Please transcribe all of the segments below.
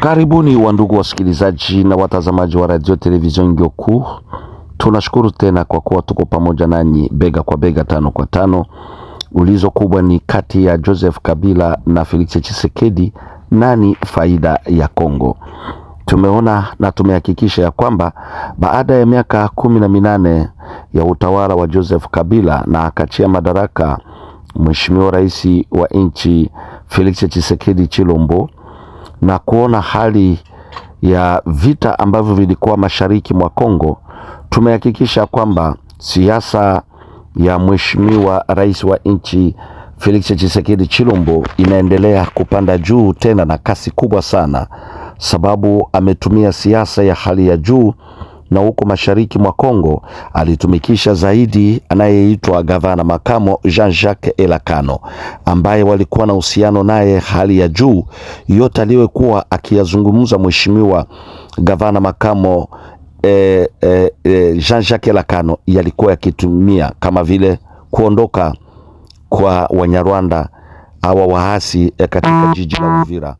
Karibuni wandugu wasikilizaji na watazamaji wa radio television Ngyoku. Tunashukuru tena kwa kuwa tuko pamoja nanyi bega kwa bega, tano kwa tano. Ulizo kubwa ni kati ya Joseph Kabila na Felix Tshisekedi, nani faida ya Kongo? Tumeona na tumehakikisha ya kwamba baada ya miaka kumi na minane ya utawala wa Joseph Kabila na akachia madaraka Mheshimiwa Rais wa nchi Felix Tshisekedi Chilombo na kuona hali ya vita ambavyo vilikuwa mashariki mwa Kongo, tumehakikisha kwamba siasa ya Mheshimiwa Rais wa nchi Felix Tshisekedi Chilombo inaendelea kupanda juu tena na kasi kubwa sana, sababu ametumia siasa ya hali ya juu na huko mashariki mwa Kongo alitumikisha zaidi anayeitwa gavana makamo Jean-Jacques Elakano ambaye walikuwa na uhusiano naye hali ya juu. Yote aliyokuwa akiyazungumza mheshimiwa gavana makamo e, e, e, Jean-Jacques Elakano yalikuwa yakitumia kama vile kuondoka kwa Wanyarwanda awa waasi katika jiji la Uvira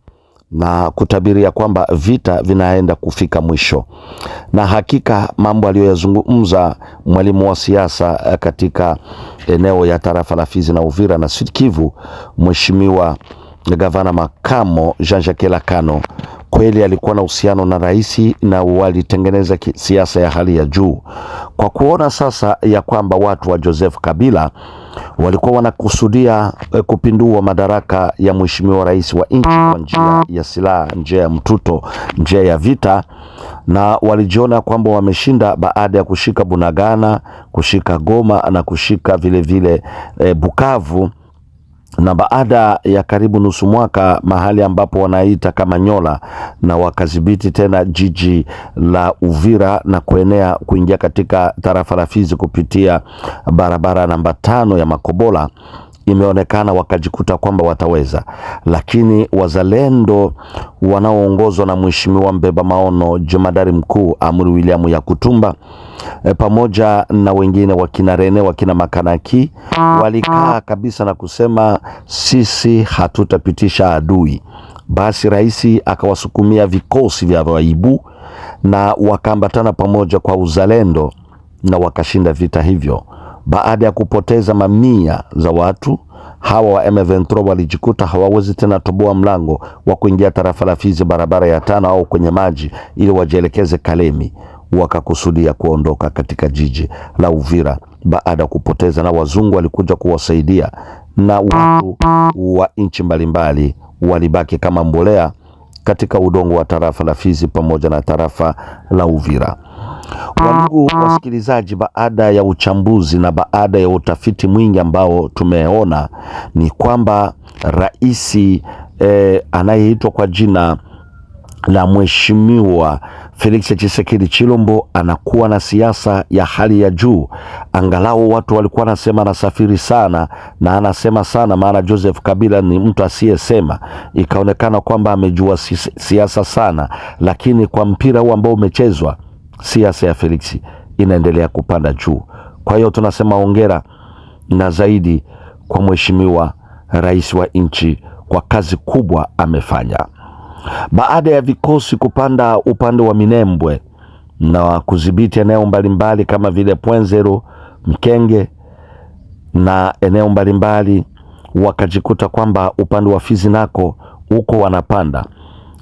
na kutabiria kwamba vita vinaenda kufika mwisho, na hakika mambo aliyoyazungumza mwalimu wa siasa eh, katika eneo ya tarafa la Fizi na Uvira na Sud Kivu, Mheshimiwa Gavana Makamo Jean Jacques Lakano kweli alikuwa na uhusiano na rais na walitengeneza siasa ya hali ya juu, kwa kuona sasa ya kwamba watu wa Joseph Kabila walikuwa wanakusudia eh, kupindua madaraka ya mheshimiwa rais wa nchi kwa njia ya silaha, njia ya mtuto, njia ya vita, na walijiona kwamba wameshinda baada ya kushika Bunagana, kushika Goma na kushika vilevile vile, e, Bukavu na baada ya karibu nusu mwaka mahali ambapo wanaita kama nyola na wakadhibiti tena jiji la Uvira na kuenea kuingia katika tarafa la Fizi kupitia barabara namba tano ya Makobola imeonekana wakajikuta kwamba wataweza, lakini wazalendo wanaoongozwa na mheshimiwa mbeba maono jemadari mkuu Amuri William Yakutumba e, pamoja na wengine wakina Rene wakina Makanaki walikaa kabisa na kusema sisi hatutapitisha adui. Basi rais akawasukumia vikosi vya waibu na wakaambatana pamoja kwa uzalendo na wakashinda vita hivyo baada ya kupoteza mamia za watu hawa wa M23 walijikuta hawawezi tena toboa mlango wa kuingia tarafa la Fizi barabara ya tano au kwenye maji ili wajielekeze Kalemi. Wakakusudia kuondoka katika jiji la Uvira baada ya kupoteza, na wazungu walikuja kuwasaidia na watu wa nchi mbalimbali walibaki kama mbolea katika udongo wa tarafa la Fizi pamoja na tarafa la Uvira. Wandugu wasikilizaji, baada ya uchambuzi na baada ya utafiti mwingi ambao tumeona ni kwamba rais eh, anayeitwa kwa jina la Mheshimiwa Felix Tshisekedi Chilombo anakuwa na siasa ya hali ya juu. Angalau watu walikuwa anasema anasafiri sana na anasema sana, maana Joseph Kabila ni mtu asiyesema, ikaonekana kwamba amejua siasa sana, lakini kwa mpira huu ambao umechezwa siasa ya Felix inaendelea kupanda juu. Kwa hiyo tunasema hongera na zaidi kwa mheshimiwa rais wa nchi kwa kazi kubwa amefanya. Baada ya vikosi kupanda upande wa Minembwe na kudhibiti eneo mbalimbali kama vile Pwenzero, Mkenge na eneo mbalimbali, wakajikuta kwamba upande wa Fizi nako huko wanapanda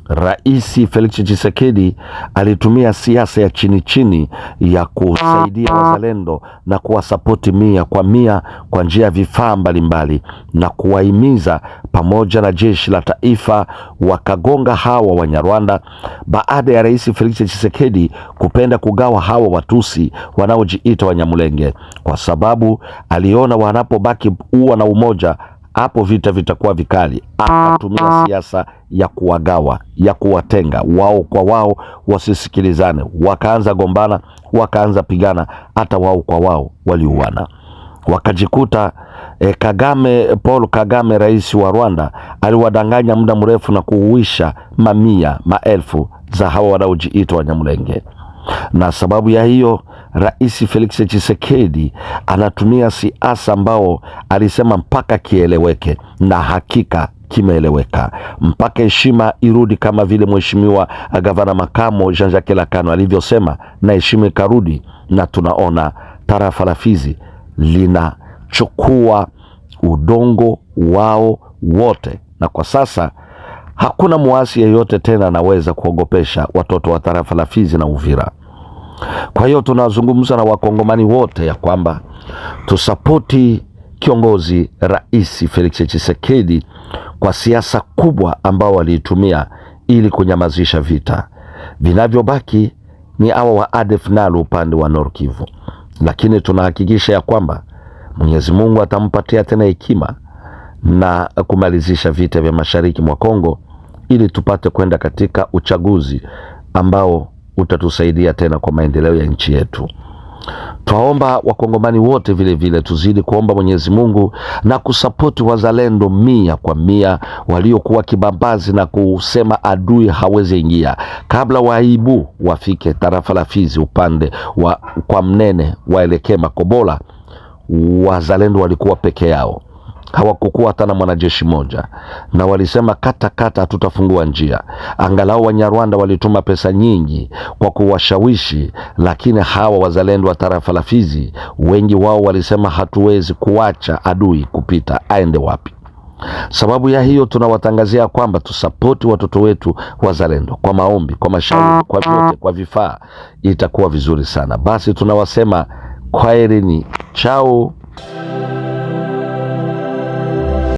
Rais Felix Tshisekedi alitumia siasa ya chini chini ya kusaidia ah. wazalendo na kuwasapoti mia kwa mia kwa njia ya vifaa mbalimbali na kuwahimiza pamoja na jeshi la taifa wakagonga hawa Wanyarwanda, baada ya Rais Felix Tshisekedi kupenda kugawa hawa Watusi wanaojiita Wanyamulenge, kwa sababu aliona wanapobaki uwa na umoja hapo vita vitakuwa vikali. Atatumia ah, ah. siasa ya kuwagawa, ya kuwatenga wao kwa wao, wasisikilizane, wakaanza gombana, wakaanza pigana, hata wao kwa wao waliuana wakajikuta eh, Kagame Paul Kagame rais wa Rwanda aliwadanganya muda mrefu na kuuisha mamia maelfu za hawa wanaojiitwa Wanyamulenge, na sababu ya hiyo Rais Felix Tshisekedi anatumia siasa ambao alisema mpaka kieleweke, na hakika kimeeleweka mpaka heshima irudi, kama vile mheshimiwa gavana makamo Jean Jacques Lacano alivyosema, na heshima ikarudi, na tunaona tarafa la Fizi linachukua udongo wao wote, na kwa sasa hakuna muasi yeyote tena anaweza kuogopesha watoto wa tarafa la Fizi na Uvira. Kwa hiyo tunazungumza na wakongomani wote ya kwamba tusapoti kiongozi Rais Felix Tshisekedi kwa siasa kubwa ambao waliitumia ili kunyamazisha vita. Vinavyobaki ni awa wa ADF NALU upande wa Nord Kivu, lakini tunahakikisha ya kwamba Mwenyezi Mungu atampatia tena hekima na kumalizisha vita vya mashariki mwa Kongo ili tupate kwenda katika uchaguzi ambao utatusaidia tena kwa maendeleo ya nchi yetu. Twaomba wakongomani wote vile vile tuzidi kuomba Mwenyezi Mungu na kusapoti wazalendo mia kwa mia waliokuwa kibambazi na kusema adui hawezi ingia, kabla waibu wafike tarafa la Fizi upande wa kwa mnene waelekee Makobola. Wazalendo walikuwa peke yao, hawakukuwa hata na mwanajeshi moja, na walisema katakata, hatutafungua njia. Angalau Wanyarwanda walituma pesa nyingi kwa kuwashawishi, lakini hawa wazalendo wa tarafa la Fizi wengi wao walisema hatuwezi kuacha adui kupita, aende wapi? Sababu ya hiyo tunawatangazia kwamba tusapoti watoto wetu wazalendo kwa maombi, kwa mashauri, kwa vyote, kwa vifaa, itakuwa vizuri sana. Basi tunawasema kwaherini, chao.